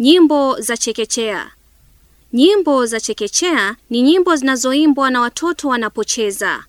Nyimbo za chekechea. Nyimbo za chekechea ni nyimbo zinazoimbwa na watoto wanapocheza.